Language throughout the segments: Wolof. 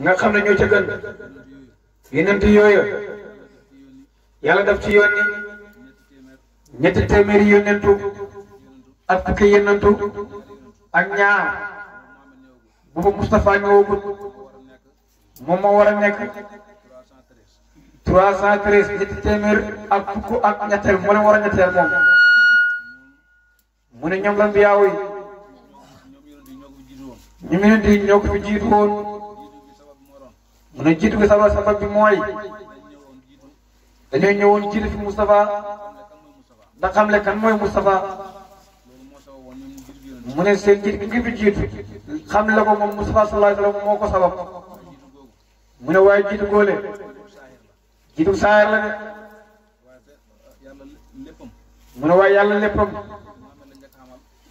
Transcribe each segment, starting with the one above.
nga xam ne ñoo ca gën yonent yooyu yàlla daf ci yónni ñetti téeméeri yonentu ak fukki yonentu ak ñaar boobu Moustapha ñëwagul moom moo war a nekk trois cent treize ñetti téeméer ak fukk ak ñetteel moo war a ñetteel moom mu ne ñoom la mbiyaaw yi ñu mu leen di ñoo ko fi jiitu woon mu ne jiitu gi sabab sabab bi mooy dañoo ñëwoon jiitu fi Moustapha da xam le kan mooy Moustapha mu ne seen jiitu gi bi jiitu xam la ko moom Moustapha sallallahu alayhi wa sallam moo ko sabab mu ne waaye jiitu góole jiitu saayar la de mu ne waaye yàlla léppam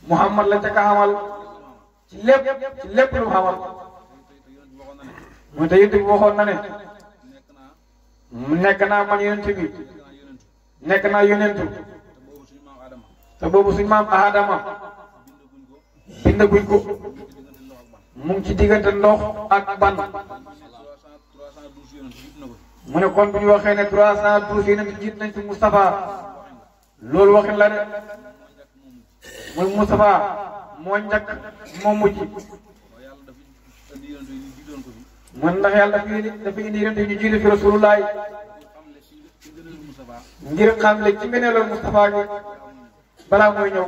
Muhammad la njëkk a xamal ci lépp ci lépp lu xamal. mu te yonent bi waxoon na ne nekk naa man yonent bi nekk naa yonentu te boobu suñu maam Adama bindaguñ ko mu ngi ci diggante ndox ak ban mu ne kon bu ñu waxee ne trois cent douze yonent jiit nañ ci Moustapha loolu waxin la de mooy Moustapha moo njëkk moo mujj. mun ndax yàlla dafa indi dafa indi yonent ñu jiitu fi rasulullah ngir xam le ci ngëneelu Moustapha gi balaa mooy ñëw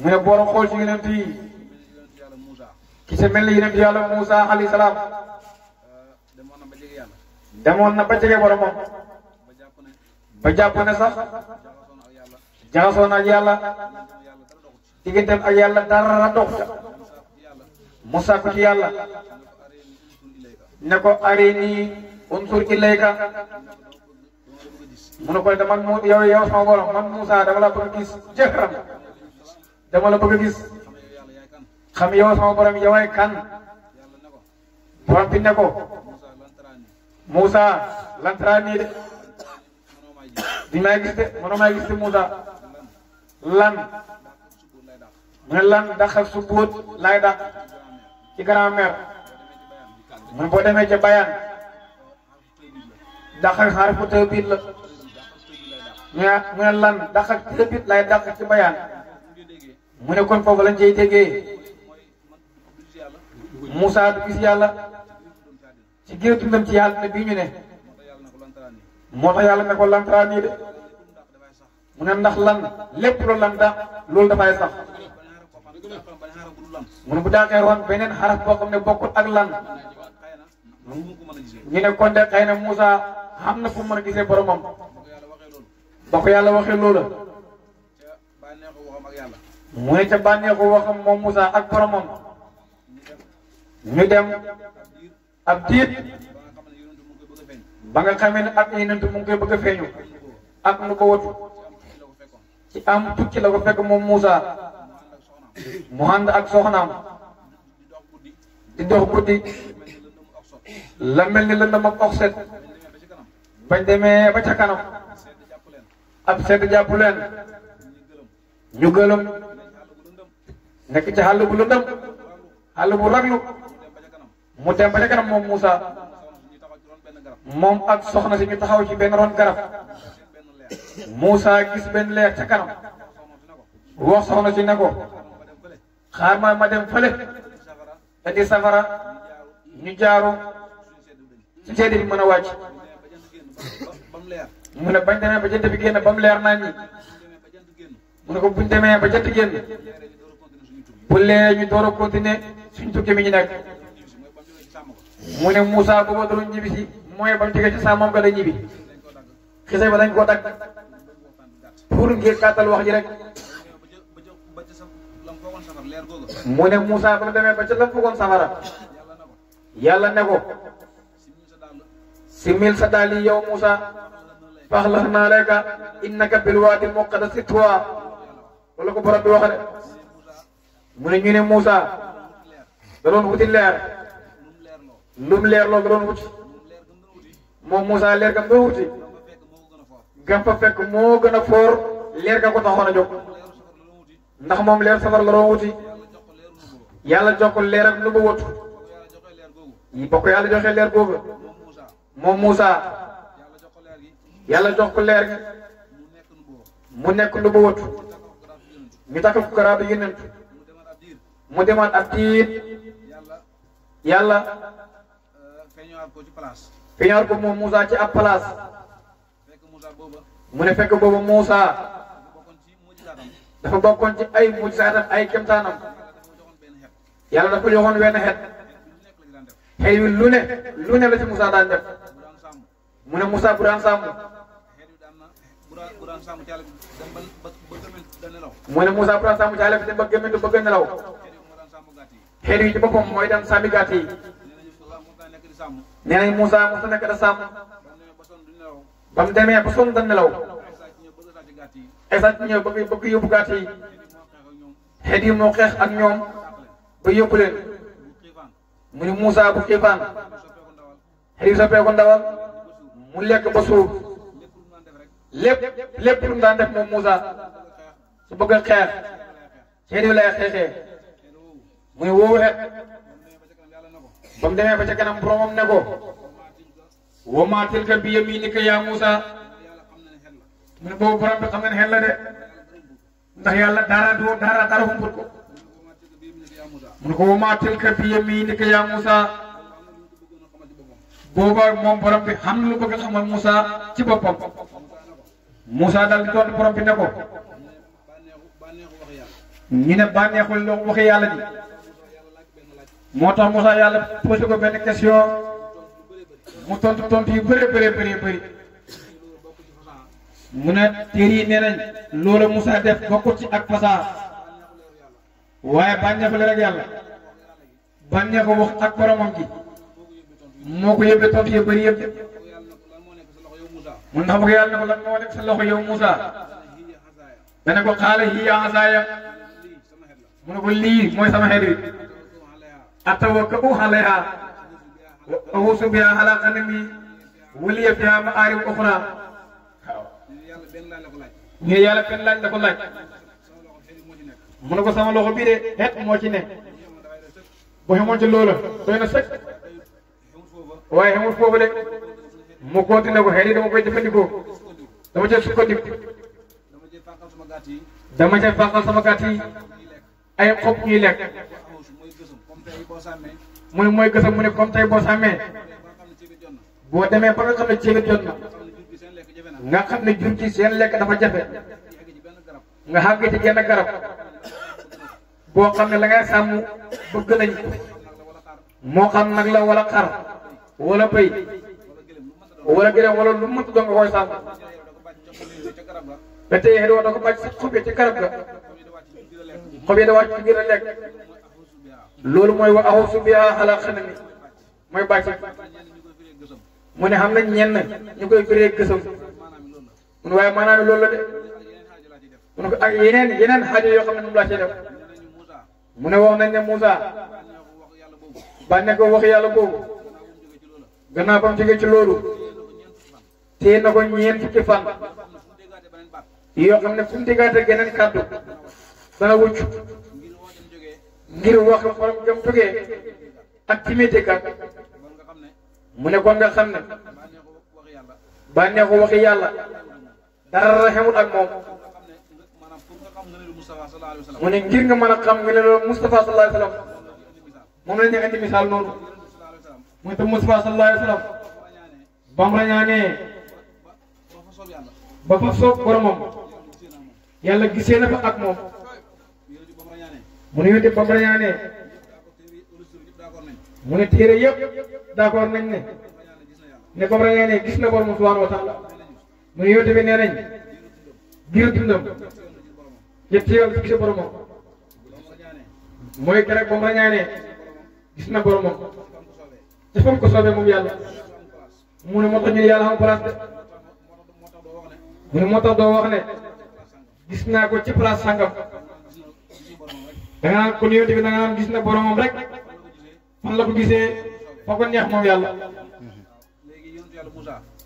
mu ne boora xool ci yonent yi ki sa mel ni yonent yàlla Moussa alayhi salaam demoon na ba jege boromam ba jàpp ne sax jaxasoon ak yàlla digganteem ak yàlla dara dox ca Moussa ko ci yàlla nako arini unsur ilayka mu ne ko dama mo yow yow sama borom man musa dama la bëgg gis jëkkëram dama la bëgg gis xam yow sama borom ay kan borom bi ne ko Musa, de di may gis de mono may gis musa lan ne lan su lay dàq ci grand mère mu boo demee ca bayaan daq ak xarfu tëbit la mu ne lan daq ak tëbit lay daq ci bayan mu ne kon fofu lañ cey déggé Musa du gis yalla ci géej dundam ci yalla ne bi ñu ne moo tax yàlla ne ko lantaraa nii de mu ne ndax lan lepp lu lan da loolu dafay sax mu ne bu daakee ron benen xaraf bo xam bokku ak lan ñu ne kon de xëy na Moussa xam na fu mën a gisee boromam ba ko yàlla waxee loola mu ne ca bànneexu waxam moom musa ak boromam ñu dem ab diit ba nga xamee ne ak yonent mu ngi ba bëgg a feeñu ak nu ko watu ci am tukki la ko fekk moom Moussa mu ànd ak soxnaam di dox guddi la mel ni lëndëm ak oxset bañ demee ba a kanam ab sedd jàpp leen ñu gëlëm nekk ci xàll bu lëndëm xàll bu raglu mu dem ba ca kanam moom Moussa moom ak soxna si ñu taxaw ci benn ron garab Moussa gis benn leer ca kanam wax soxna si ne ko a dem fële te di safara ñu jaaru ci ceede bi mën a wàcc mu ne bañ demee ba jant bi génn ba mu leer nañ ñi mu ne ko buñ demee ba jant génn bu lee ñu door a continuer suñ tukki mi ñu nekk mu ne Moussa booba ba ñibbi si mooy ba mu jógee ci sàmmam ga la ñibbi xisay ba dañ koo dagg pour ngir kàttal wax ji rek mu ne Moussa ba mu demee ba ca la foogoon safara yàlla ne ko simmil sa daal yi yow Moussa faxlax naa layka innaka bil waadi muqaddasi tuwa wala ko borom bi wax de mu ne ñu ne Moussa da doon wuti leer lum leer loolu da doon wuti moom Moussa leer kam doon wuti gam fa fekk moo gën a foor leer ka ko taxoon a jóg ndax moom leer safar la doon wuti yàlla jox ko leer ak lu ba wut yi bokk yàlla joxe leer googu moom Moussa yàlla jox ko leer mu nekk lu ba wëtu ñu takkal ko garaabu yonent mu demaat ab diir yàlla feeñaat ko moo Moussa ci ab place mu ne fekk boobu Moussa dafa bokkoon ci ay mujisaatam ay kemtaanam yàlla dafa joxoon wenn xeet xëy lu ne lu ne la ci Moussa daan def. mu ne Moussa Buraan Samb. mu ne Moussa Buraan Samb caale bi dem ba gëmmentu bëgg nelaw. xeet yi ci boppam mooy dem sàmmi gàtt yi. nee nañ Moussa da sàmm. ba mu demee ba sonn da nelaw. esaat ñëw bëgg bëgg yóbbu gàtt yi. yi moo xeex ak ñoom ba yóbbu mu ne Moussa bu xiifaan. xeet yi soppeeku ndawal. mulek basur lep lep lep dan def mom musa su bëgg xex xéri lay xexé muy wo wé bam démé ba ca kanam boromam né ko wo ma tilka bi yaminik ya musa mune bo borom bi xam na hen la dé ndax yalla dara do dara dara humbul ko mune ko wo ma tilka bi yaminik ya musa booba moom borom bi xam na lu bëgg a xamal Moussa ci boppam Moussa daal di tontu borom bi ne ko ñu ne bànneexul loo waxi yàlla ji moo tax Moussa yàlla posé ko benn question mu tontu tontu yu bëree bëree bëri bëri mu ne téere yi nee nañ loolu Moussa def bokkut ci ak fasaa waaye bànneexul rek yàlla bànneexu wax ak boromam ji. moo ko yëbbee tontu yëpp bëri yëpp mun xam nga yàlla ne ko lan moo nekk sa loxo yow Moussa dana ko xaala hiya asaaya mu ne ko lii mooy sama xeet wi atawakkau alayha wa ahuusu biha ala ganami wa liya fiha ma'aarib uxraa waaw ñu ne yàlla benn laaj la ko laaj mu ne ko sama loxo bii de xeet moo ci ne boo ci loola doy na sëkk waaye xamul foofu de mu continué ko xëy na dama koy jëfandikoo dama cee sukkandiku dama cee fàqal sama gàtt yi ay xob ñuy lekk muy mooy gësam mu ne comme tey boo sàmmee boo demee ba nga xam ne ceebit jot na nga xam ne jur gi seen lekk dafa jafe nga xàgg ci genn garab boo xam ne la ngay sàmm bëgg nañ moo xam nag la wala xar. wala bëy wala gërëm wala lu mu mënti doon nga koy sàmm ba tey xëy na ko bàcc sax xob yi ca garab ga xob yi da wàcc ci biir a lekk loolu mooy wa axu su biha ala xanami mooy bàcc mu ne xam nañ ñenn ñu koy firee gësam mu ne waaye maanaam loolu la de mu ne ko ak yeneen yeneen xaajo yoo xam ne moom laa cay def mu ne wax nañ ne Moussa ba ne ko wax yàlla boobu. gannaaw ba mu jógee ci loolu téye na ko ñeent fukki fan yoo xam ne fu mu déggaate geneen kàddu dana wucc ngir wax xolam jëm jógee ak timité kat mu ne kon nga xam ne bànneexu waxi yàlla dara xewul ak moom mu ne ngir nga mën a xam nga ne loolu Moustapha sallallahu alayhi wa sallam moom la ñu indi misaal noonu. muy tam Mustafa sallallahu alayhi wa sallam bam rañaanee ba fa soob boromam yàlla gisee na fa ak moom mu ne yonte bam rañaanee mu ne yëpp d'accord nañ ne ne bam rañaanee gis na boromam subhanahu wa taala mu ne yonte bi nee nañ giir dundam ñetti yoon gisee boromam mooy keroog bam rañaanee gis na boromam sifam ko sobe mum yalla mu ne moto ñu yalla am place mu ne moto do wax ne gis na ko ci place sangam da nga ko ñu tigi da nga gis na borom rek fan la ko gisee fa ko neex mom yalla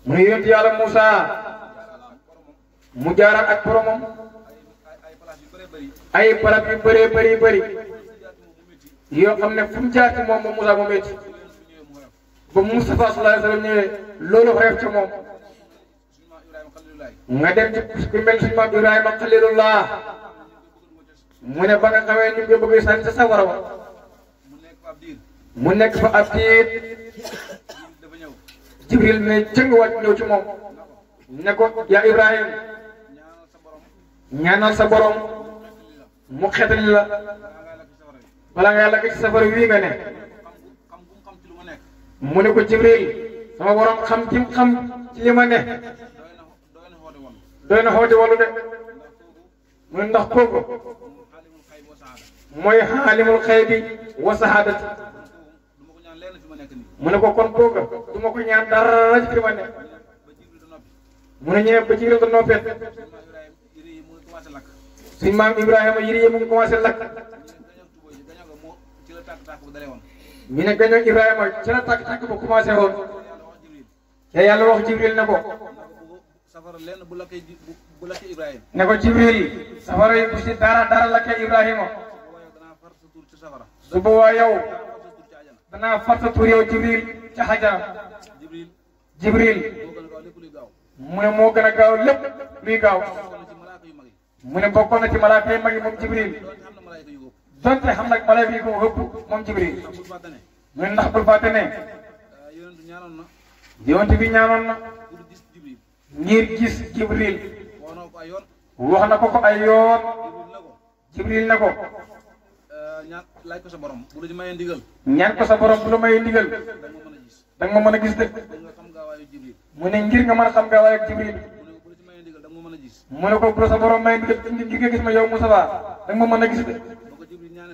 mu ne yoonte yalla musa mu jaara ak boromam ay parap yu bare bare bare yo xamne fu mu jaati mom mo musa mo metti ba Moustapha sallallahu alayhi wa sallam ñëwee loolu xeef ca moom nga dem ci ku mel suñu maam Ibrahima Xalilullah mu ne ba nga xamee ni nga bëgg sànni sa sawara wa mu nekk fa ab diir Jibril ne cëng wa ñëw ci moom ne ko yaa Ibrahima ñaanal sa borom mu xetali la balaa nga yàlla ci safara wii nga ne. mu ne ko Jibril sama waroon xam jim xam ci li ma ne doy na xoote walu de mu ne ndax kooku mooy xaalimul xay bi wa sahaadati mu ne ko kon kooku du ma ko ñaan dara ci li ma a mu ne ñëwee ba Jibril da noppet suñ maam Ibrahima yëre yi mu ngi commencé lakk mi ne gànnaaw Ibrahima ci la tàkk tàkk ba commencé woon te yàlla wax Jibril ne ko ne ko Jibril safara yi bu si dara dara lakkee Ibrahima su boobaa yow danaa far sa tur yow Jibril ca xajara Jibril mu ne moo gën a gaaw lépp luy gaaw mu ne bokkoon na ci malaaka yu mag yi moom Jibril donte xam nag malaaka yi ko ëpp moom Jibril ñun ndax bul fàtte ne yonent bi ñaanoon na ngir gis Jibril wax na ko ko ay yoon Jibril na ko ñaan laaj ko sa borom bu la mayee ndigal ñaan da nga ma mën a gis de mu ne ngir nga mën a xam gaawaayu Jibril mu ne ko bu sa borom mayee ndigal nga gis ma yow Moussa da nga ma mën a gis de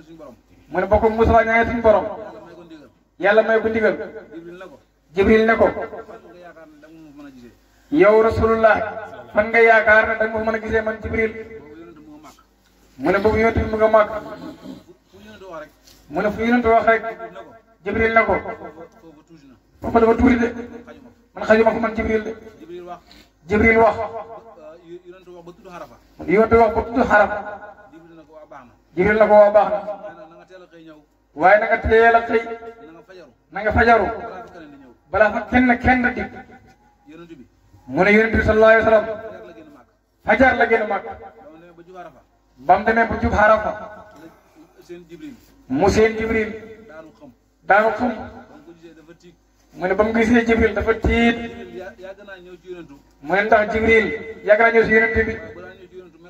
ñaanee suñu borom mu ne boo ko Moussa ñaanee suñu borom yàlla may ko ndigal jibril ne ko yow rasulullah fan nga yaakaar ne danga ma mën a gisee man jibril mu ne boobu yonent bi mu nga màgg mu ne fu yonent wax rek jibril ne ko foofa dafa tuuri de man xajuma ko man jibril de jibril wax yonent wax ba tudd xarafa jigéen la ko woo baax na waaye na nga teel a xëy na nga fajaru balaa fa kenn kenn di mu ne yonent bi sallallahu alayhi wa sallam fajar la génn màkk ba mu demee ba jub Arafa mu seen Jibril daanu xam mu ne ba mu gisee Jibril dafa tiit mu ne ndax Jibril yàgg naa ñëw si yonent bi.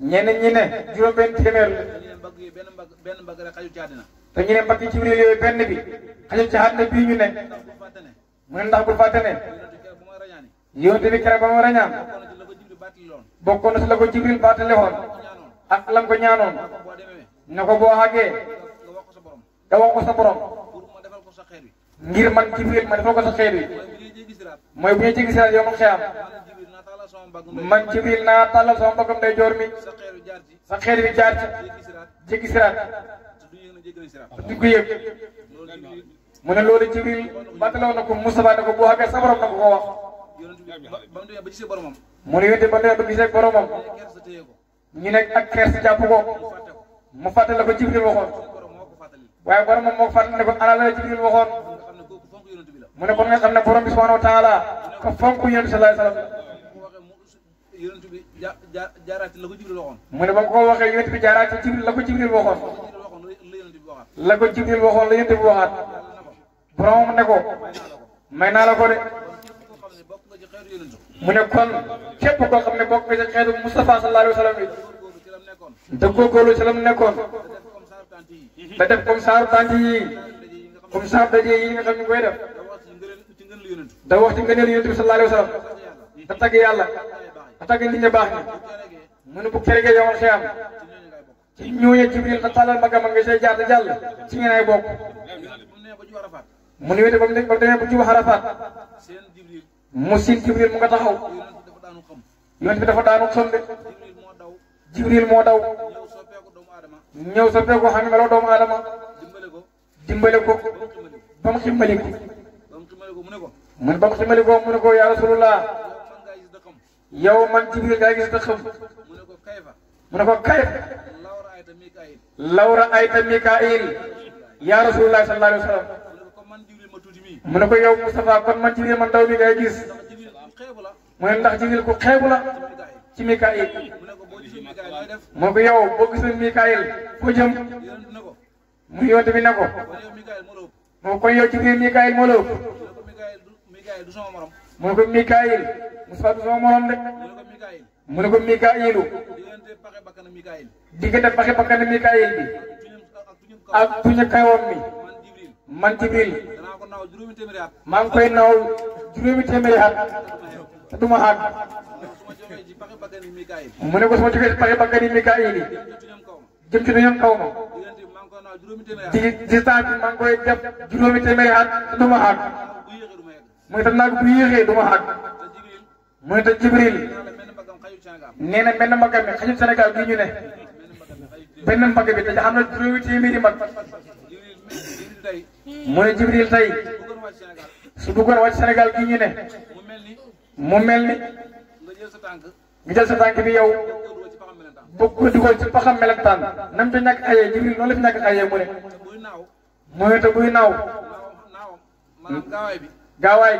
ñeneen ñi ne juróom-benn téeméer la. te ñu ne mbagg yi ci àddina. yooyu benn bi xajul ci àddina bii ñu ne. mu ne ndax bu fàtte ne. yonent bi keroog ba mu rañaan. bokkoon na si la ko Jibril baatale woon. ak lam ko ñaanoon. na ko boo xàggee. nga wax ko sa borom. ngir man Jibril ma defal ko sa xeet wi. mooy bu ñu jéggi siraat yow ma xeexam. man ci biir naa tàllal sama mbaggam day joor mi sa xeer bi jaar ci jéggi siraat du ko yëg mu ne loolu ci biir bàttalaw na ko Moustapha ne ko boo xamee sa borom na ko ko wax mu ne yonte ba mu demee ba gisee mu ne ko mu ne xam ne borom bi subhanahu wa taala ko fonk yonte sallallahu alayhi ja ja jaaraati la ko Jibril waxoon. mu ne ba mu ko waxee yonent bi jaaraati Jibril la ko Jibril waxoon. la ne ko. may naa la ko de. mu ne kon képp koo xam ne bokk nga ci xeetu Moustapha sallallahu alayhi wa sallam yi. te góorgóorlu ci la mu nekkoon. da def comme saaru tànk yi comme saaru daje yi nga xam ne koy def. da wax ci ngëneelu yonent bi sallallahu alayhi wa sallam. da tagg yàlla. atagga nit ña baax ñi mu ne bu kerge yomal xiyam ci ñooñu Jibril ta tàllal magam nga see jaar da jàll ci ngeen bokk mu ne wéte ba mu da ba juba Arafat mu siin Jibril mu nga taxaw yonent bi dafa daanu xam de Jibril moo daw ñëw sa xam ne meloo doomu aadama dimbale ko ba mu ximmali ko mu ne ba mu ximmali ko mu ne ko yaa Rasulullah yow man Jibril ngay gis te xam mu ne ko kayfa mu ne ko kayfa lawra ayta Mikail lawra ayta Mikail yaa rasulullah sallallahu alayhi wa sallam mu ne ko yow Moustapha kon man Jibril man ndaw mi ngay gis mu ndax Jibril ku xeebu la ci Mikail mu ne ko yow boo gisul Mikail foo jëm mu yonte bi ne ko mu ko yow Jibril Mikail moo la ëpp mu ko Mikail du sama morom moo ko Mikaayil Moussa du sama morom de mu ne ko Mikaayilu diggante paxe bakkan Mikaayil bi ak tuñu kayoon mi man Jibril maa ngi koy naaw juróomi téeméeri at te du ma àgg mu ko suma jógee paxe bakkan Mikaayil jëm ci ñoom kaw ma di مُتَنَا بِيَغِي دُمَحَكْ مُتَ جِبْرِيلِ نَنَا بِنَّا مَكَمِ خَيُّ سَنَكَا بِيُّنَي بِنَّا مَكَمِ تَجَحَمْنَا تُرُوِتِي مِرِي مَكْ مُنَ جِبْرِيلِ تَي سُبُقَرْ وَجْ سَنَكَا بِيُّنَي مُمَلْنِ گِجَلْ سَتَانْكِ بِيَو بُقُّ دُقُوَ چِبْبَخَمْ مَلَكْتَان نَمْ تَنَّاكَ آيَ جِبْرِيلِ gaawaay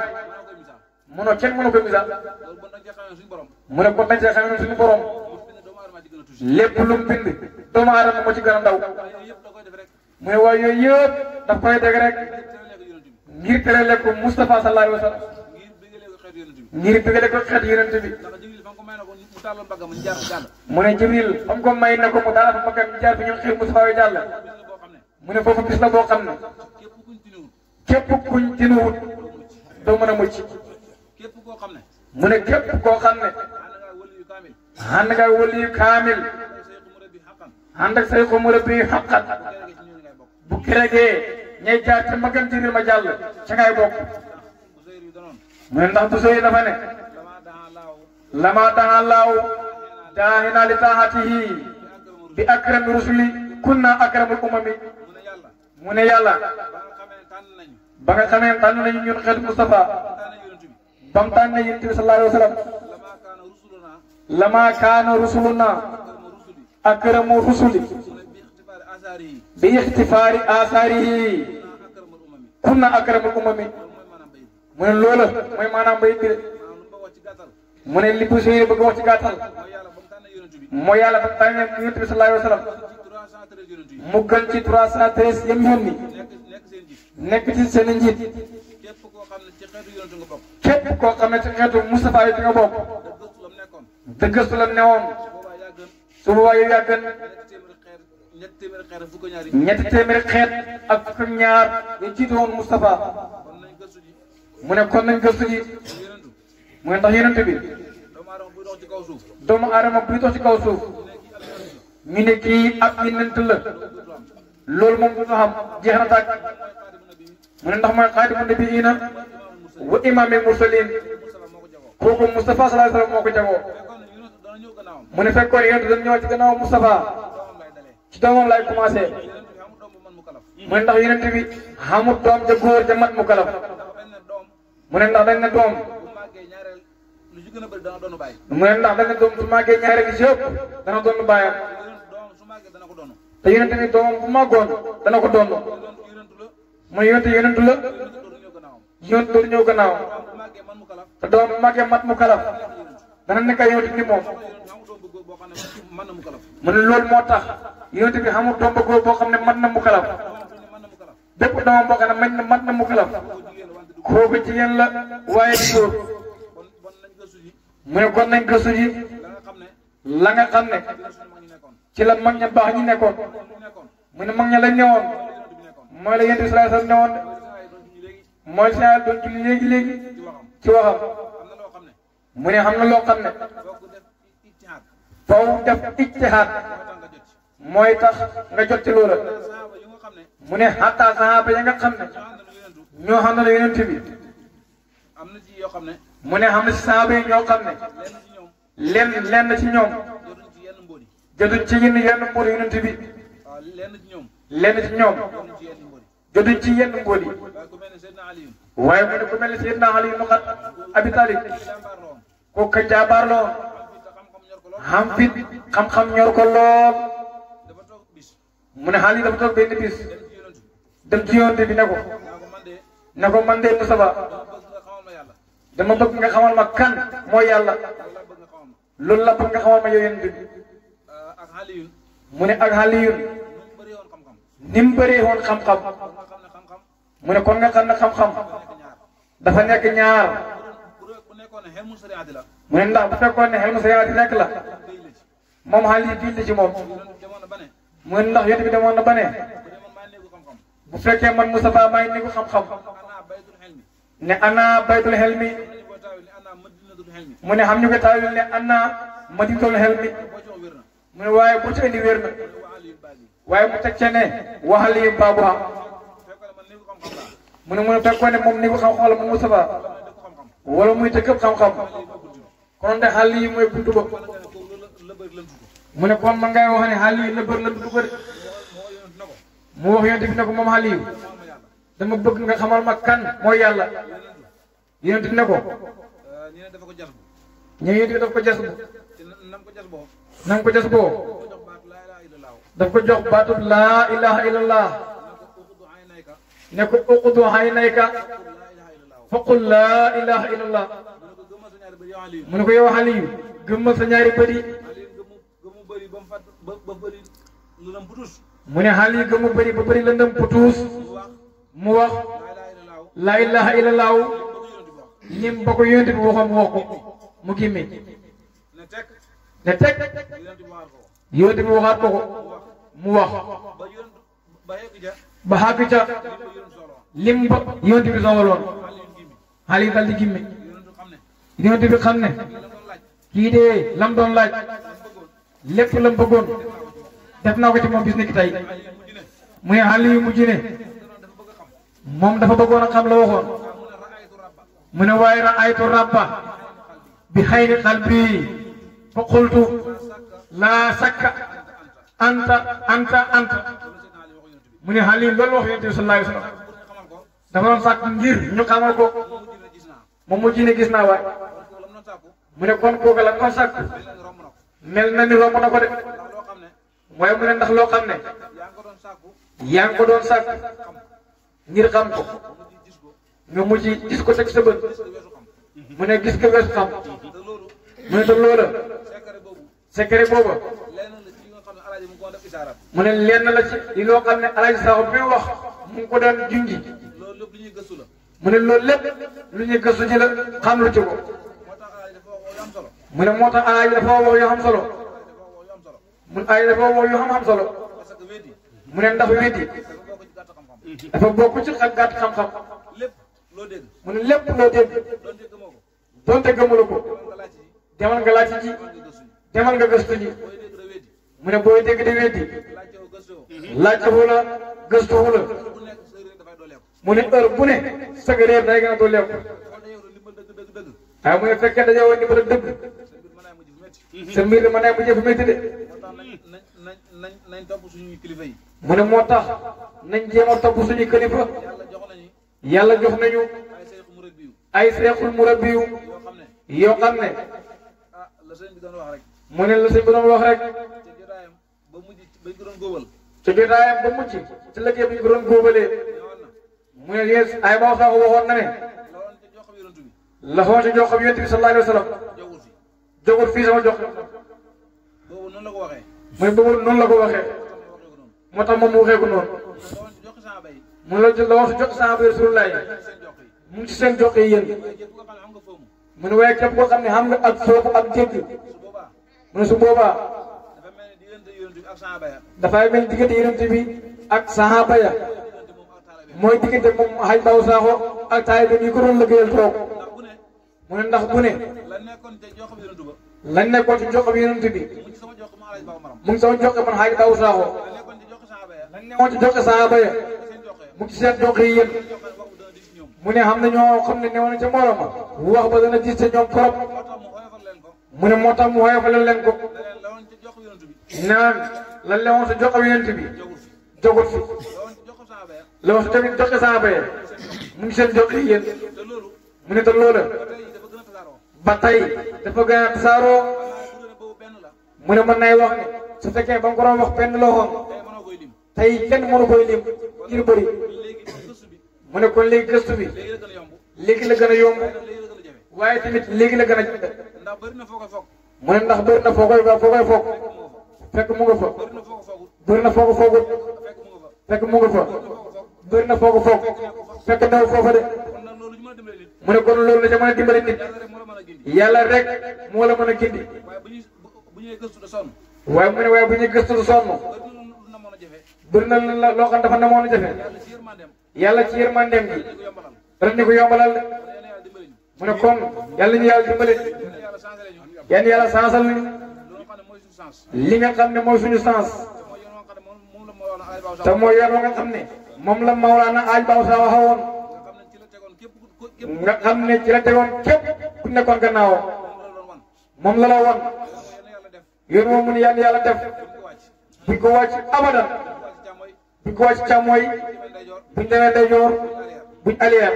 mu ne kenn mënu ko misaal mu ne kon dañ see xamee suñu borom a koy dégg rek ngir tërale mu ne Jibril fam ko may na ko mu daal fa mbaggam ñu jaar fi ñoom xiir Moustapha yi jàll mu ne foofu bis la boo xam ne képp kuñ tinuwut doo mën a mucc mu képp koo xam ne ànd nga wëli yu kaamil ànd ak say ko murabbi xaqat bu keregee ñay jaar te magam ci ma jàll ca ngay bokk mu ne ndax bu sooy dafa ne lama daa laaw daahina li taahatihi bi akrami rusuli kunna akramul umami mu yàlla ba nga xamee tànn nañu ñun xeetu Moustapha ba mu tànnee yonent bi sallallahu alayhi wa sallam lama kaana rusuluna akramu rusuli bi ixtifaari asaarihi kunna akramul umami mu ne loola mooy maanaam bayit bi mu ne li bu séyee bëgg wax ci gàttal mu tànnee yonent bi sallallahu alayhi wa mu gën ci 313 yam yónni nekk ci seen njiit. képp koo xam ne ci xeetu yonent nga bokk. koo xam ne ci xeetu Moustapha yi nga bokk. te gëstu la mu newoon. su boobaa yow yaa ñetti téeméeri xeet ak fukk ñaar yi jiitu woon Moustapha. mu ne kon nañ gëstu ji. mu ne ndax yonent bi. doomu aadama buy dox ci kaw suuf. ñu ne kii ab yonent la. loolu moom du ñu xam jeex na tàkk. mu ne ndax mooy xaatimu nabiyyiina wa imaamil mursaliin kooku Moustapha sallallahu alayhi wa sallam moo ko jagoo mu ne fekkoon yéen dañu ñëw ci gannaaw Moustapha ci doomam lay commencé mu ne ndax yonent bi xamut doom ja góor ja mu kalaf mu ne ndax dañ ne doom mu ne ndax dañ ne doom su màggee ñaareel gi si dana doon bàyyam te yonent bi doomam bu màggoon dana ko doon. mooy yonte yonentu la yoon dóor ñëw gannaaw te doom bu mat mu kalaf dana nekk ay yonte ni moom mu ne loolu moo tax yonte bi xamul doom ba góor boo xam ne mat na mu kalaf bépp doomam boo xam ne mat na mu kalaf kooku jigéen la waaye di góor mu ne kon nañ gëstu ji la nga xam ne ci la mag ña baax ñi nekkoon mu ne mag ña lañ newoon mooy la yonent bi sallallahu alayhi wasallam ne woon mooy saa doon julli léegi léegi ci waxam mu ne xam na loo xam ne faw def ijtihaad mooy tax nga jot ci loola mu ne xataa saxaaba ya nga xam ne ñoo xam ne la yonent bi mu ne xam na si saxaaba yi ñoo xam ne lenn lenn ci ñoom jotuñ ci yenn yenn mbóot yonent bi lenn ci ñom jotuñ ci yenn ngóor yi waaye mu ne ko mel ci Seydina Ali mu Abi Talib ko ka jabar lo xam fit xam-xam ñor ko lool mu ne xaalis dafa tok ben bis dem ci yoonte bi nako nako man de musaba dama bëgg nga xamal ma kan mo yalla lool la bëgg nga xamal ma yow yéen bi mu ne ak Aliyun nimbere hon xam xam mu ne kon nga xam na xam xam dafa nekk ñaar mu ne ndax bu fekkoon ne xelmu sariyaati rek la moom xaal yi dindi ci moom mu ne ndax yot bi demoon na bane bu fekkee man Moustapha maa ngi nekk xam xam ne ana baytul xelmi mu ne xam ñu ko taawil ne ana madinatul xelmi mu ne waaye bu ci indi wér na waye mu teg ca ne waxal babu ha xam mu ne mu ne fekkoon ne moom ni ko xam xol la moom Moustapha wala muy te xam-xam kon de xali moy buntu ba mu ne kon ma ngay wax ne xali lebeur la duggu ber mu wax yonent bi ne ko moom xàll dama bëgg nga xamal ma kan mooy yàlla yonent bi ne ko ñu ne dafa ko jas bu ñu yonent bi dafa ko jas bu na ko jas boo daf ko jox baatut laa ilaha illallah ne ko uqudu aynayka faqul la ilaha illallah mu ne ko yow Aliou gëmmal sa ñaari bët yi mu ne Aliou gëmmu bëri ba bëri lëndëm putuus mu wax laa ilaha illallah ñim ba ko yonent bi waxoon mu wax ko mu ne teg yonent bi waxaat ko mu wax ba xàgg ca lim ba yonent bi soxaloon xaalis dal di gimmi yonent bi xam ne kii de lam doon laaj lépp lam bëggoon def naa ko ci moom bis ni ki tey muy xaalis yu mujj ne moom dafa bëggoon a xam la waxoon mu ne waaye raaytu rabba bi xayri xal bi fa qultu laa sakka anta anta anta mu ne xaalis loolu wax yonent bi sallallahu alayhi wa sallam dafa doon sàkk ngir ñu xamal ko moom mu jine gis naa waay mu ne kon kooku la ko waaye mu ne ndax loo xam ne yaa ngi ko doon sàkk ngir xam nga mujj gis ko teg sa mu ne gis ko weesu xam mu ne te loola secret booba mu ne lenn la ci li loo xam ne alaaji saxo bi wax mu ngi ko junji la mu ne loolu lépp lu ñuy gëstu ci la xam lu ci mu ne moo tax alaaji dafa wax wax yoo xam-xam mu ne ndax wéeti dafa bokk ci ak gàtt xam-xam mu ne lépp loo dégg donte gëmula ko demal nga laaj ci ji demal nga gëstu ji mu ne booy dégg di weddi laajte wu la gëstu wu la mu ne heure bu ne sa réer day gën a dooleeku waaye mu ne fekkee dañoo woon ni ba la dëgg sa mbir mi mën naa mujjee fu métti de. mu ne moo tax nañ jéem a topp suñu kilifa yàlla jox nañu ay seexul murabbiyu yoo xam ne mu ne la sëñ bi doon wax rek. bañ ko a góobal ci jotaayam ba mucc ci liggéey bi ñu ko doon góobalee mu ne yees ay moo saako waxoon na ne la xoon ci jox xam yonent bi sallallahu alayhi wa sallam jogut fii sama jox boobu noonu la ko waxee mooy la ko waxee moo tax moom mu waxee ko noonu mu la la wax jox sama mu ngi ci seen jox yi mu ne waaye képp koo xam ne xam nga ak soobu ak mu ne su boobaa دفعي من دقيت إيران تي في أكسهابة يا موي دقيت مم هاي باوسا هو أتاي دني كرون لقيل تروك من عندك بني لن يكون تجوا كبير تي في من سوى جوك من هاي باوسا هو لن يكون تجوا كسهابة يا مكسيات جوكيين من هم نيو خم نيو نيو جمارة ما هو أبدا نجس تجوا كرب من موتا مهيا فلان لنكو naan lan la woon si jox ko yonent bi joxul fi la woon si tamit joxe saa mu ngi seen joxe yéen mu ne te loola ba tey dafa gën a tasaaroo mu ne mën nay wax ne su fekkee ba ko doon wax benn loo xoon tey kenn mënu koy lim ngir bëri mu ne kon léegi gëstu bi léegi la gën a yomb waaye tamit léegi la gën a mu ne ndax bëri na foo ba foo koy fekk mu nga fa bëri na foo ko foogut fekk mu nga fa bëri na foo ko foog fekk ndaw foofa de mu ne kon loolu la ca a dimbali nit yàlla rek moo la mën a gindi waaye mu ne waaye bu ñuy gëstu sonn bëri na la loo xam dafa namoon a jafe yàlla ci yërmandeem gi dana ñu ko yombalal de yàlla ñu yàlla dimbali yan yàlla sansal nañu. li nga xam ne mooy suñu sens te mooy yoon wa nga xam ne moom la Mawlana aaj baaw saa waxawoon nga xam ne ci la tegoon képp ku nekkoon gannaawam moom la la woon yoon moom mu ne yàlla yàlla def buñ ko wàcc abadan buñ ko wàcc càmmooy buñ demee ndeyjoor buñ alièr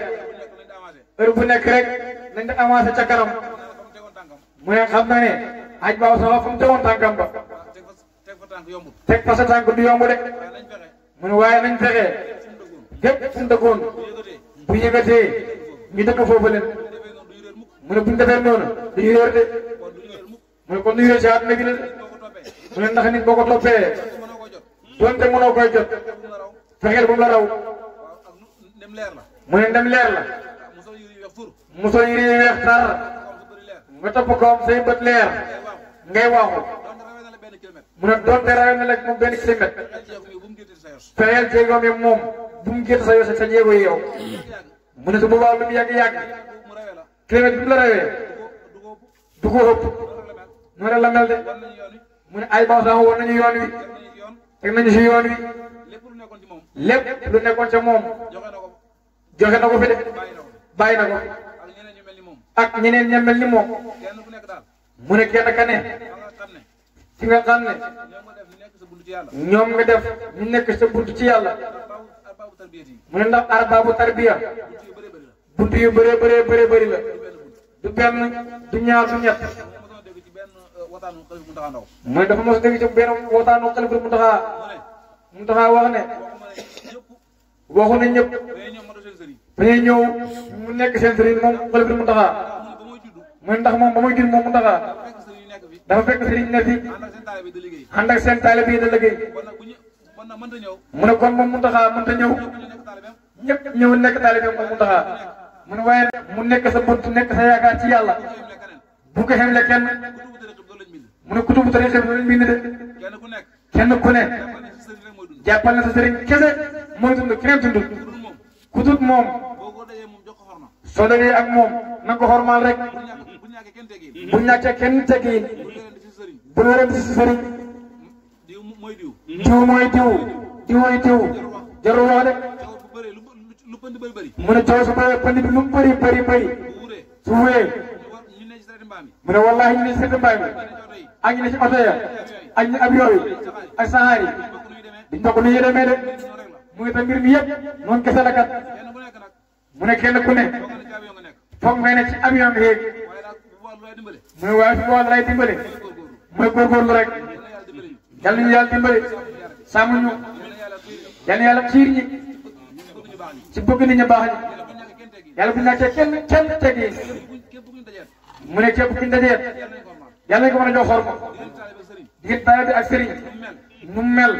bu nekk rek nañ di avancé ca kanam mu ne xam na ne aj baaw sama a mu tegoon tànkam ba teg fa sa du yomb de mu ne waaye nañ fexe képp fu mu dëkkoon bu yëgatee ñu dëkk foofu leen mu ne bu ñu noonu dañuy réer de mu ne kon du réer si àdduna gi de mu ne ndax nit boo ko toppee donte mënoo koy jot mu la raw mu ne ndem leer la mu sol yëre yu weex tar nga topp koom say bët leer. ngay waaxu mu ne donte rawee na la moom benn kilomètre fexeel jéego moom bu mu génn sa yoo sa jéego yow mu ne su boobaa ko ëpp noonu la mel de mu ne ay baax sax war nañu yoon wi teg nañu si yoon wi lépp lu nekkoon ca moom joxe na ko fi de bàyyi na ko ak ñeneen ña ni moom mu ne kenn ka ne ki nga xam ne ñoom nga def ñu nekk sa buntu ci yàlla mu ne ndax arbaabu tarbiya buntu yu bëree bëree bëree bëri la du benn du ñaar du a mu ne dafa mos dégg ci benn waxtaanu xel bu mu taxaa mu taxaa wax ne waxu na ñëpp dañuy ñëw nekk seen sëriñ moom xel bu mu taxaa mu ne ndax moom ba muy gis moom mu ndaxaa dafa fekk sëriñ ne fi ànd ak seen taalibe yi da liggéey mu ne kon moom mu ndaxaa mënta ñëw ñëw nekk taalibe moom mu ndaxaa mu ne waaye mu moom soo dajee ak moom na ko xormaal rek buñ ñàkkee kenn teggin bu si sëriñ diw mooy diw diw mooy de mu ne coow pënd bi lu mu bëri bëri bëri su wéyee mu ne wallaahi ñu ne seeti mbaay mi ak ne ci oto ya ak ñu avion yi ak saxaar yi demee de mu ngi mi yëpp noonu kese la kat kenn ku ne foog ngay ne ci avion muy waaye fi bool lay dimbale mooy góorgóorlu rek yal nañu yàlla dimbale sàmm ñu yal na yàlla xiir ñi ci bëgg nit ñi baax ñi yàlla bu ñàkkee kenn kenn teg yi mu ne képp ki ndajeet yàlla nañu ko mën a jox xorma diggante taalibe bi ak sëriñ nu mel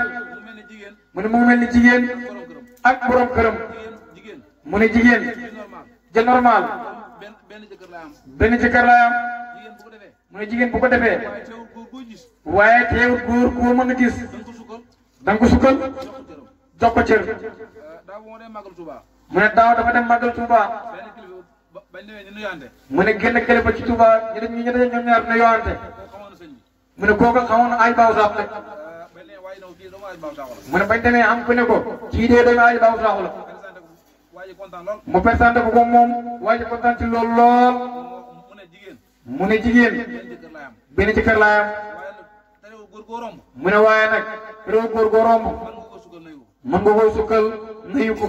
mu ne mu mel ni jigéen ak borom këram mu ne jigéen ja normal benn jëkkër lay am. moy jigen bu ko defé waye teew goor ko mo nga gis dang ko sukkal dang ko cer mune daw dafa dem magal touba mune genn kelepa ci touba ñu dañ ñu dañ ñom ñaar na yoante mune koko xamone ay baw sax la mune bañ demé am ku ne ko ci de dañ ay baw sax la mu pesante ko mom waji kontante lol lol mu ne jigéen benn jëkkër laay am mu ne waaye nag réew góor goo romb mën nga koy sukkal nuyu ko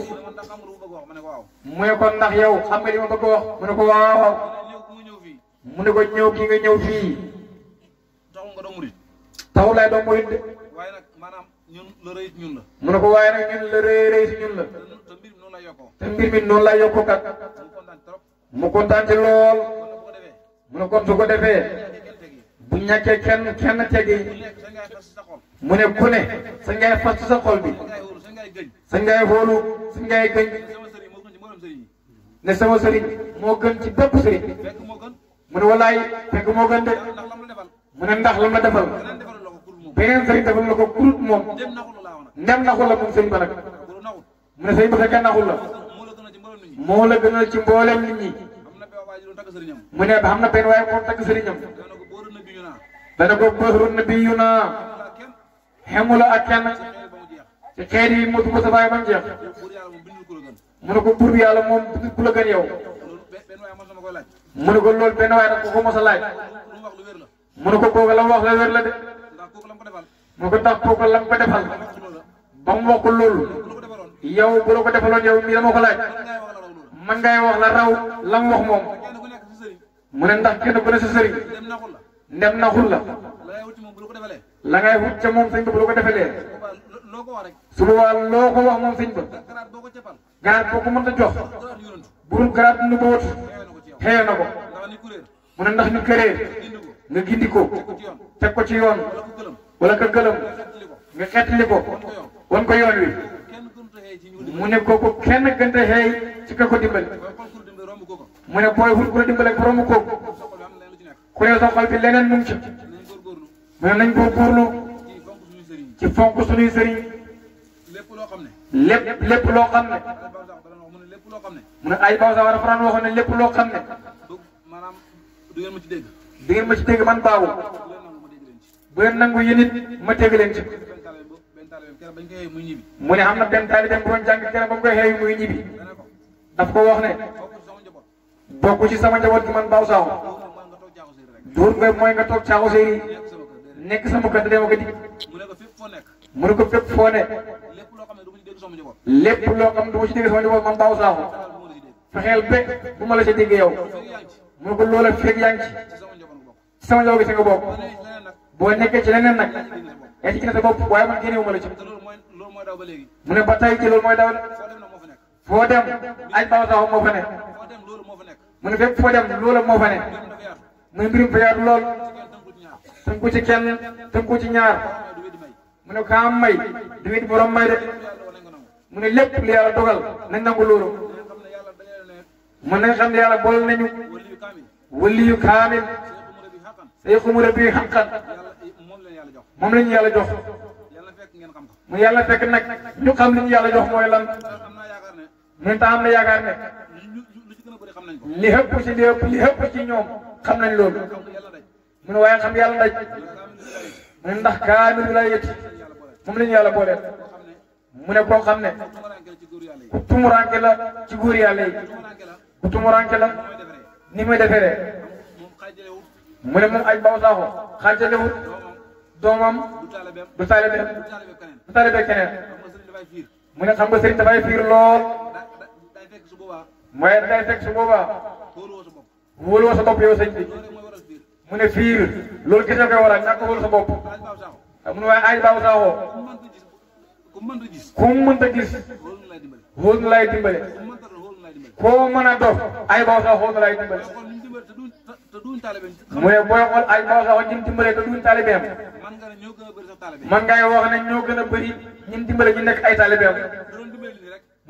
mu ne kon ndax yow xam nga li ma bëgg a wax mu ne ko waaw mu ne ko ñëw kii nga ñëw fii taxul laay doo murit de mu ne ko waaye nag ñun la rëy rëy si ñun la te mbir mi noonu la yokkoo kat mu kontaan ci lool. mu ne kon su ko defee bu ñàkkee kenn kenn tegi mu ne ku ne sa ngay fas ci sa xol bi sa ngay wóolu sa ngay gëñ ne sama sëriñ moo gën ci bépp sëriñ mu ne walaay fekk moo gën de mu ne ndax la ma defal beneen sëriñ defal la ko kurut moom ndem naxul la moom sëriñ ba nag mu ne sëriñ ba a naxul la moo la gënal ci mboolem nit ñi. mu ne am na benn waaye moo tagg sëriñam dana ko bëxru na bi yu naa xemula ak kenn ci xeet yi motu mosa bàyyi man jeex mu ne ko buur moom ku la gën yow mu ne ko loolu benn waaye nag ko ko mos a laaj mu ne ko kooku la wax la wér la de mu ne ko tax kooku la mu ko defal ba mu wax ko loolu yow bu la ko defaloon yow mii dama ko laaj man ngay wax la raw la mu wax moom mune ndax kenn ko ne sa sëriñ dem na xulla la ngay wut ca moom sëñ ba bu la ko defalee su boba loo ko wax moom sëñ ba garab boo ko mën ta jox burul garab nu ba wut xeyo na ko mu ne ndax ñu kéréer nga gindi ko teg ko ci yoon wala ka gëlëm nga xetli ko won ko yoon wi mu ne kooku kenn gënta xeey ci ka ko dimbali mu ne booy wut ku la dimbale boromu kóob ku ne sa xol bi leneen mu ci mu ne nañ góorgóorlu ci fonk suñuy sëriñ lépp loo xam ne lépp loo xam ne mu ne ay baaw war a faral waxoon ne lépp loo xam ne maanaam du ngeen ma ci dégg du ngeen ma ci dégg man baawu bu leen nangu yéen it ma dégg leen ci mu ne am na benn taalibeem bu doon jàng keneen ba mu koy xeeyu muy ñibbi daf ko wax ne bokku ci sama njaboot gi man baaw saaw duur mbéy mooy nga toog caaxu séeri nekk sama kër dama ko dikk mu ne ko fépp foo lépp loo xam du ma ci dégg sama njaboot man baaw saaw fexeel be bu ma la ci dégg yow mu ne ko loola fekk yaa ci sama njaboot gi sa nga bokk boo nekkee ci leneen nag yaa ci gën a bopp waaye man génnewu ma la ci mu ne ba ci loolu mooy daw foo dem ay baaw saaw moo fa ne mu ne fépp foo dem loola moo fa ne muy mbirum fa yaatu lool tënku ci kenn tënku ci ñaar mu ne kaam may du wit borom may de mu ne lépp lu yàlla dogal nañ nangu loolu mu ne xam ne yàlla bool nañu wali yu kaamil say xumura bi xaqan moom la ñu yàlla jox mu yàlla fekk nag ñu xam li ñu la jox mooy lan mun ta na yaakaar ne li ëpp ci li ëpp li ëpp ci ñoom xam nañ loolu mu ne waaye xam yàlla daj mu ne ndax kaamil wilaayati moom la ñu yàlla booleel mu ne koo xam ne ku tumuranke la ci góor yàlla yi ku tumuranke la ni muy deferee mu ne moom ay baw saaxo xaajalewut doomam du taalibeem du taalibe keneen mu ne xam nga sëriñ dafay fiir lool mooy day teg su boobaa wóoluwoo sa bopp yow sëñ bi mu ne fiir loolu gis nga koy waral ñàkk a wóolu sa bopp mu ne waaye ay baaw saawoo ku mu mënta gis wóolu na lay dimbale koo mën a dof ay baaw saawoo wóolu na lay dimbale mu ne booy xool ay baaw saawoo ñi mu dimbale te duñ taalibeem man ngay wax ne ñoo gën a bëri ñi dimbale ñu nekk ay taalibeem.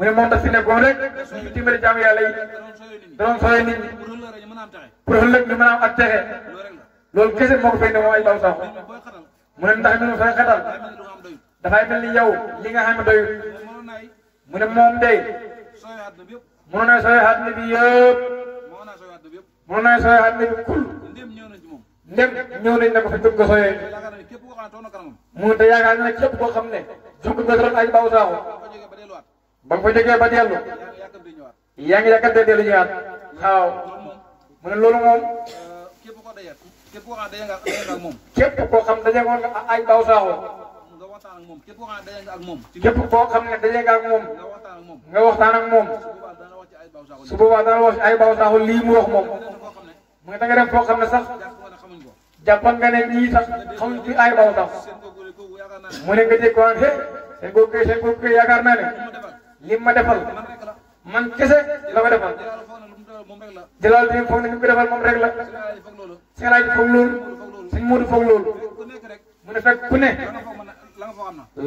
mu ne moom daf fi nekkoon rek suñu dimbali jàmm yàlla yi danoon sooy nit ñi pour ëllëg ñu mën a am ak texe loolu kese moo ko fekk ne moom ay a sax mu ne a ñun sooy xatal dafay mel ni yow li nga xam moom day mënoon na sooy xaat bi yëpp na sooy xaat ne bi kul ndem ñëw nañ ne ko fi jóg nga sooyee mu te yaakaar na koo xam ne jóg nga doon ba nga fa jógee ba dellu yaa ngi yàkkante dellu ñëwaat waaw mu ne loolu moom képp koo dajee képp koo xam koo xam daje nga ay baw saaxoo nga waxtaan ak moom képp koo xam daje nga ak moom képp koo xam ne daje nga ak moom nga waxtaan ak moom su boobaa dana wax ci ay baw saaxoo lii mu wax moom mu ne da nga dem foo xam ne sax jàppoon nga ne ñii sax xamuñ ci ay baw saaxoo mu ne nga jékkoon he seen googu yaakaar naa ne li ma defal man kese la ma defal jëlaal bi foog na ñu ko defal moom rek la si laaj foog loolu suñ muudu foog loolu mu ne fekk ku ne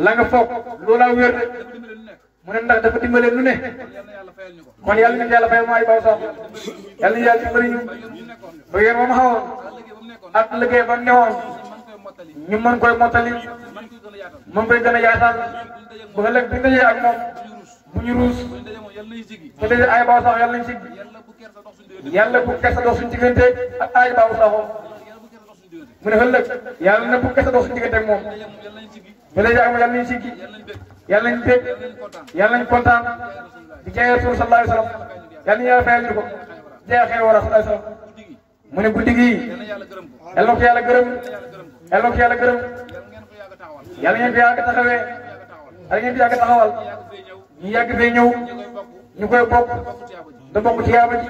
la nga foog loolaa wér de mu ne ndax dafa dimbale lu ne kon yàlla nañu yàlla fayal ma ay baaw sax yàlla nañu yàlla dimbali ñu ba ngeen moom xawoon ak liggéey ba newoon ñu mën koy mottali mën koy gën a yaatal ba ëllëg bi ak moom. mu ñu ruus mu daje ay baaw sax yàlla nañ siggi yàlla bu kersa dox suñu diggante ak ay baaw saxoom bu kersa dox suñu moom mu daje ak moom yàlla nañ siggi yàlla nañ bég yàlla nañ kontaan di jaay rasul sallallahu alayhi wasallam yàlla nañ yàlla ñu ko jeexee wala sallallahu alayhi taxawal ñu yàgg fee ñëw ñu koy bokk da bokk ci yaaba ji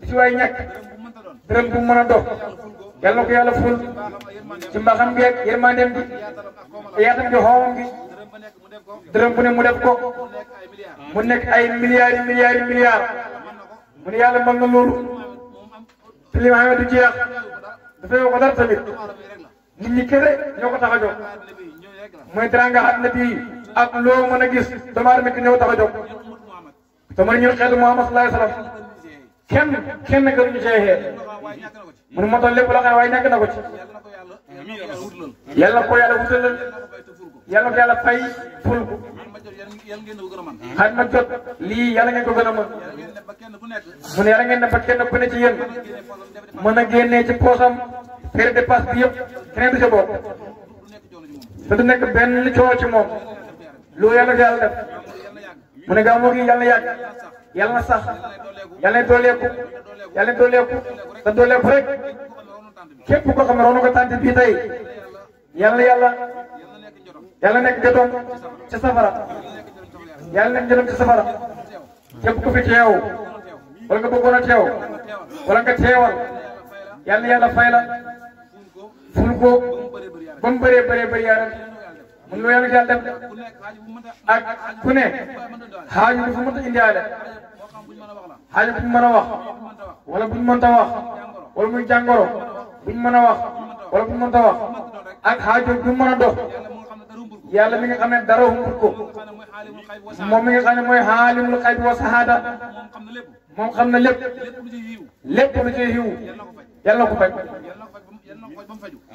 di ci waay ñàkk dërëm bu mën a dox yàlla na ko yàlla ful ci mbaaxam geeg yërmandeem bi te yaatam bi xoomam bi dërëm bu ne mu def ko mu nekk ay milliards yi milliards yi milliards mu ne yàlla mën na loolu te li ma xamee du jeex ko dara tamit nit ñi kese ñoo ko tax a jóg mooy teraanga àddina bii ak loo mën a gis damaa nekk ñëw tax a jóg sama ñu xeetu Mouhamad salaay salaam kenn kenn gëru ñu see xeet mu ne motal lépp la xeet waaye nekk na ko ci. yàlla ko yàlla wutal la yàlla ko yàlla fay ful ko. xaj ma jot lii yàlla ngeen ko gën a mën mu ne yàlla ngeen ne ba kenn ku ne ci yéen mën a génnee ci poosam faire dépasse bi yëpp keneen du sa bopp. fa nekk benn coow ci moom. لوجال جال دب من جاموري جال ياك جال نسا جال نتولي أكو جال نتولي أكو تنتولي أفرك كيف بكو كمرونو كتان تبيتاي جال نيا لا جال نك جدوم تسافر جال نك جدوم تسافر كيف بكو في تياو ولك بكو نتياو ولك تياو جال نيا لا فايلا فلكو بمبري بري بري يارن mu ngi yoonu jàll dem ak ku ne xaaju bi fu mënta indiwaale xaaju bu ñu mën a wax wala bu ñu mënta wax wala muy jàngoro bu ñu mën a wax wala bu ñu mënta wax ak xaaju bu mën a dox yàlla mi nga xam ne dara humbut ko moom mi nga xam ne mooy xaalimul xayb wa sahaada moom xam na lépp lépp lu ci yiw yàlla ko faj.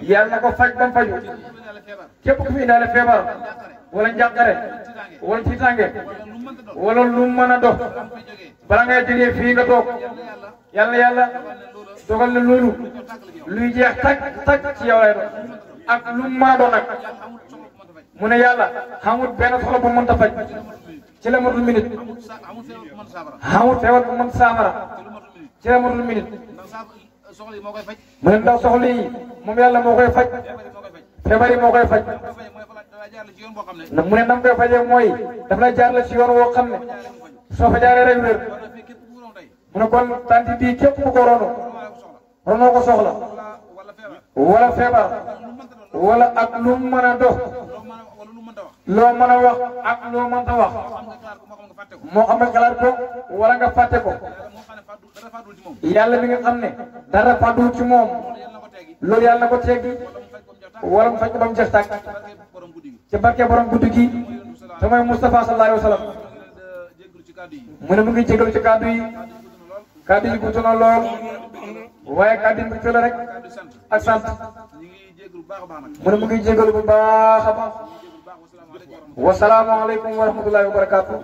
yàlla na ko faj ba mu faju ké ku fi indaale feebar wala njàqare wala tiitaange wala lu mën a dox bala ngay jógee fii nga toog yàlla yàlla dogal na loolu luy jeex tag tag ci yow lay doon ak lu mu mën a doon nag mu ne yàlla xamut benn soxla bu mënta faj ci la matul minute xamut feebar bu mënta saafara ci la matul minute soxla yi moo koy faj. mu ne ndax soxla yi moom yàlla moo koy faj. feebar yi moo koy faj. ndax mu ne nam koy fajee mooy daf la jaar la ci yoon woo xam ne soo fa jaaree rek wér. mu ne kon tanti bii képp ku ko rono ko soxla. wala feebar. wala ak lu mu a dox. loo mën a wax ak loo mënta wax moo xam ne xalaat ko wala nga fàtte ko yàlla mi nga xam ne dara fàdduwul ci moom loolu yàlla na ko teggi wala mu faj ko ba mu jeex tàkk ci barke borom guddi gi te mooy Moustapha sallallahu alayhi wa sallam mu ne mu ngi jégalu ci kàddu yi kàddu yi gudd na lool waaye kàddu yi gudd la rek ak sant mu ne mu ngi jégalu ba baax a baax. wasalaamualeykum wa rahmatullahi wa barakatuh